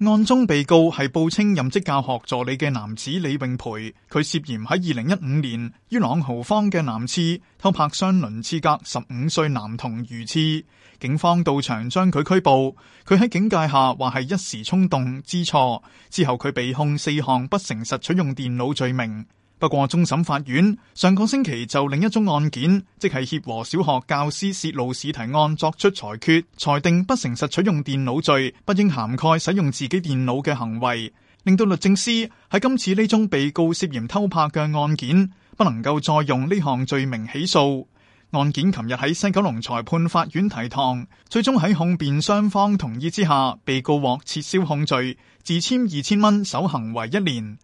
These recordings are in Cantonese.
案中被告係報稱任職教學助理嘅男子李永培，佢涉嫌喺二零一五年於朗豪坊嘅男廁偷拍雙輪廁格十五歲男童如廁，警方到場將佢拘捕，佢喺警戒下話係一時衝動知錯，之後佢被控四項不誠實取用電腦罪名。不過，終審法院上個星期就另一宗案件，即係協和小學教師洩露試題案作出裁決，裁定不誠實取用電腦罪不應涵蓋使用自己電腦嘅行為，令到律政司喺今次呢宗被告涉嫌偷拍嘅案件不能夠再用呢項罪名起訴。案件琴日喺西九龍裁判法院提堂，最終喺控辯雙方同意之下，被告獲撤銷控罪，自簽二千蚊守行為一年。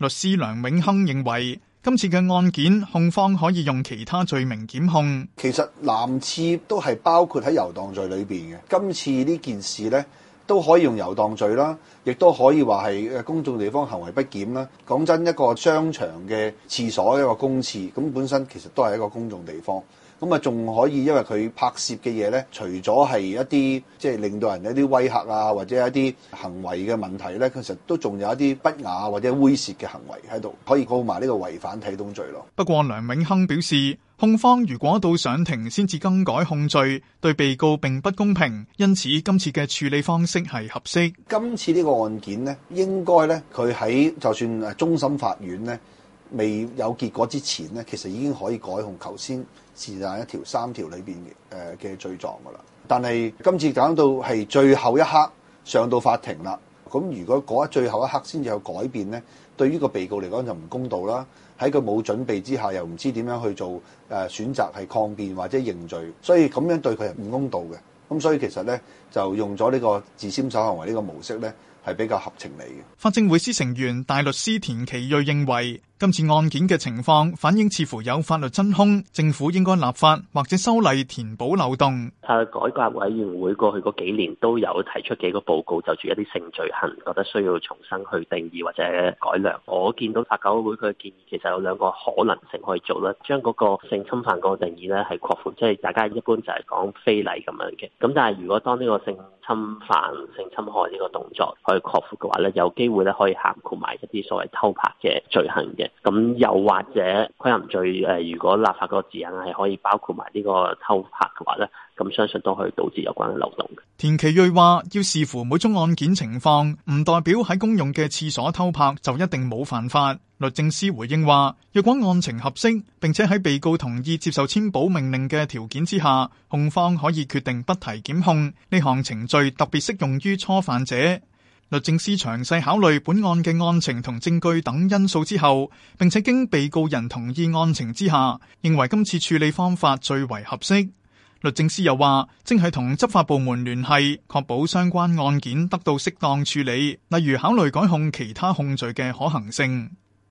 律師梁永亨認為，今次嘅案件控方可以用其他罪名檢控。其實男廁都係包括喺遊蕩罪裏邊嘅。今次呢件事呢，都可以用遊蕩罪啦，亦都可以話係誒公眾地方行為不檢啦。講真，一個商場嘅廁所，一個公廁，咁本身其實都係一個公眾地方。咁啊，仲可以，因為佢拍攝嘅嘢咧，除咗係一啲即係令到人一啲威嚇啊，或者一啲行為嘅問題咧，其實都仲有一啲不雅或者猥褻嘅行為喺度，可以告埋呢個違反體統罪咯。不過梁永亨表示，控方如果到上庭先至更改控罪，對被告並不公平，因此今次嘅處理方式係合適。今次呢個案件咧，應該咧，佢喺就算終審法院咧，未有結果之前呢，其實已經可以改控頭先是但一條三條裏邊嘅罪狀噶啦。但係今次搞到係最後一刻上到法庭啦，咁如果嗰一最後一刻先至有改變呢，對於個被告嚟講就唔公道啦。喺佢冇準備之下，又唔知點樣去做誒、呃、選擇，係抗辯或者認罪，所以咁樣對佢係唔公道嘅。咁所以其實呢，就用咗呢個自簽守行為呢個模式呢，係比較合情理嘅。法政會司成員大律師田奇瑞認為。今次案件嘅情況反映似乎有法律真空，政府應該立法或者修例填補漏洞。啊，改革委員會過去嗰幾年都有提出幾個報告，就住一啲性罪行覺得需要重新去定義或者改良。我見到法改會佢嘅建議，其實有兩個可能性可以做啦，將嗰個性侵犯嗰個定義咧係擴闊，即係大家一般就係講非禮咁樣嘅。咁但係如果當呢個性侵犯、性侵害呢個動作可以擴闊嘅話咧，有機會咧可以涵括埋一啲所謂偷拍嘅罪行嘅。咁又或者，規限罪，誒，如果立法個指引係可以包括埋呢個偷拍嘅話咧，咁相信都可以導致有關嘅漏洞。田其瑞話，要視乎每宗案件情況，唔代表喺公用嘅廁所偷拍就一定冇犯法。律政司回應話，若果案情合適，並且喺被告同意接受簽保命令嘅條件之下，控方可以決定不提檢控。呢項程序特別適用於初犯者。律政司詳細考慮本案嘅案情同證據等因素之後，並且經被告人同意案情之下，認為今次處理方法最為合適。律政司又話，正係同執法部門聯繫，確保相關案件得到適當處理，例如考慮改控其他控罪嘅可行性。